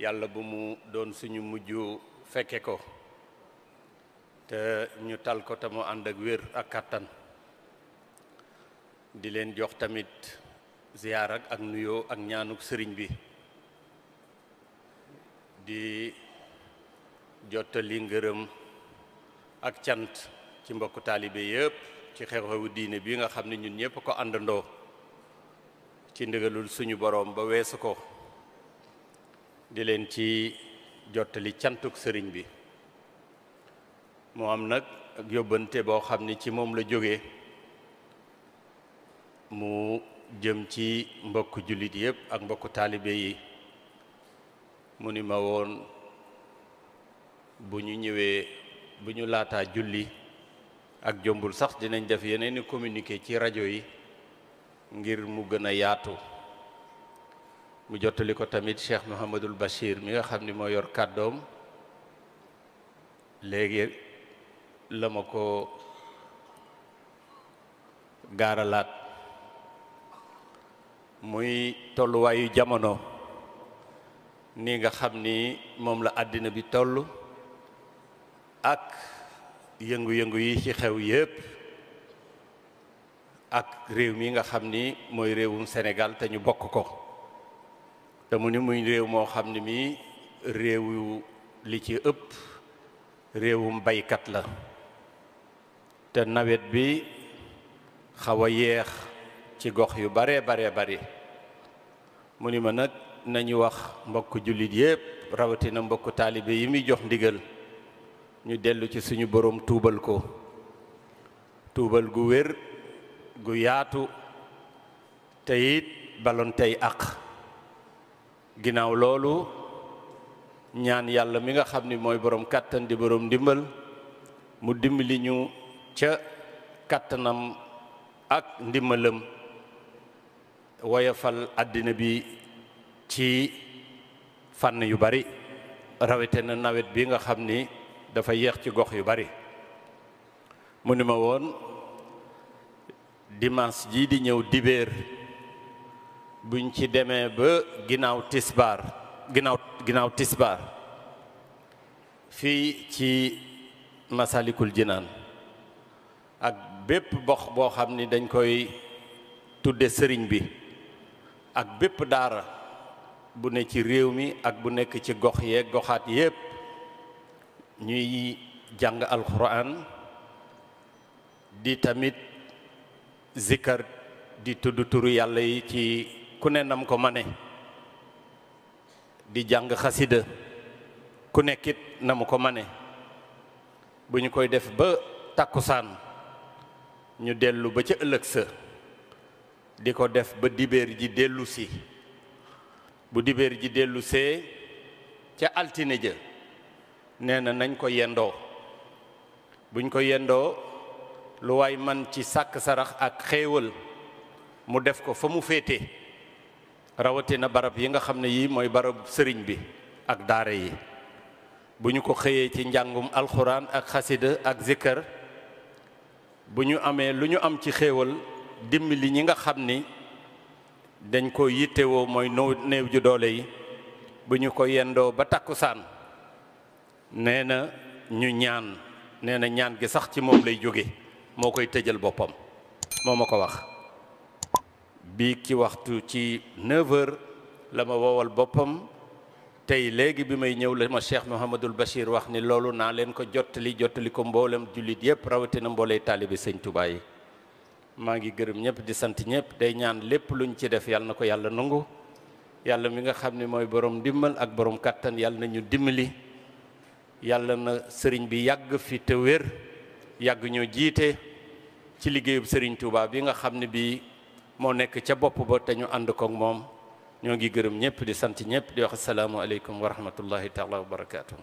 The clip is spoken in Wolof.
yàlla bu mu doon suñu mujj fekke ko te ñu tal ko te mu ànd ak wér ak kàttan di leen jox tamit ziyaar ak nuyoo ak ñaanuk sëriñ bi di jottali ngërëm ak cant ci mbokku taalibe yëpp ci xew-xewu diine bi nga xam ne ñun ñëpp ko àndandoo ci ndigalul suñu boroom ba weesu ko di leen ci jottali cantuk sëriñ bi moo am nag ak yóbbante boo xam ni ci moom la jóge mu jëm ci mbokk jullit yépp ak mbokku taalibe yi mu ni ma woon bu ñu ñëwee bu ñu laataa julli ak jombul sax dinañ def yeneeni communiqué ci rajo yi ngir mu gën a yaatu mu jottali ko tamit Cheikh Mouhamadul Bachir mi nga xam ni moo yor kàddoom léegi la ma ko gaaralaat muy tolluwaayu jamono ni nga xam ni moom la àddina bi toll ak yëngu-yëngu yi ci xew yépp ak réew mi nga xam ni mooy réewum Sénégal te ñu bokk ko te mu ni muy réew moo xam ne mii réewu li ci ëpp réewum baykat la te nawet bi xawa a yeex ci gox yu baree baree bari mu ni ma nag nañu wax mbokk jullit yépp rawatina mbokk taalibe yi muy jox ndigal ñu dellu ci suñu boroom tuubal ko tuubal gu wér gu yaatu te it balon tey aq ginnaaw loolu ñaan yàlla mi nga xam ni mooy boroom kàttan di boroom ndimbal mu dimbali ñu ca kàttanam ak ndimbalam woyofal àddina bi ci fànn yu bari rawete na nawet bi nga xam ni dafa yéex ci gox yu bari mu ni ma woon dimanche jii di ñëw dibéer buñ ci demee ba ginnaaw tisbaar ginnaaw ginnaaw tisbaar fii ci masalikul jinaan ak bépp box boo xam ni dañ koy tudde sëriñ bi ak bépp daara bu ne ci réew mi ak bu nekk ci gox yeeg goxaat yépp ñuy jàng alxuraan di tamit zikkar di tudd turu yàlla yi ci ku ne nam ko mane di jàng xasida ku nekkit na mu ko mane bu ñu koy def ba tàkkusaan ñu dellu ba ca ëllëg sa di ko def ba dibéer ji dellu bu dibéer ji dellusee ca altine ja nee na nañ ko yendoo buñ ko yendoo lu waay man ci sàkk sarax ak xéewal mu def ko fa mu féete rawatina barab yi nga xam ne yii mooy barab sëriñ bi ak daara yi bu ñu ko xëyee ci njàngum alxuraan ak xasida ak zikkar bu ñu amee lu ñu am ci xéewal dimbali ñi nga xam ni dañ ko yittewoo mooy noo néew ju doole yi bu ñu ko yendoo ba takkusaan nee na ñu ñaan nee ñaan gi sax ci moom lay jóge moo koy tëjal boppam moo ma ko wax bii ci waxtu ci 9h la ma woowal boppam tey léegi bi may ñëw la ma Cheikh Mouhamadul Bachir wax ni loolu naa leen ko jottali jottali ko mboolem jullit yëpp rawatina mboolee taalibe sëñ Tuubaa yi maa ngi gërëm ñëpp di sant ñëpp day ñaan lépp luñ ci def yàlla na ko yàlla nangu yàlla mi nga xam ne mooy borom dimbal ak borom kàttan yàlla na ñu dimbali yàlla na sëriñ bi yàgg fi te wér yàgg ñoo jiite ci liggéeyub sëriñ Tuubaa bi nga xam ne bii moo nekk ca bopp ba te ñu ànd koog moom ñoo ngi gërëm ñëpp di sant ñëpp di wax asalaamualeykum wa rahmatullahi taala wa barakaatu.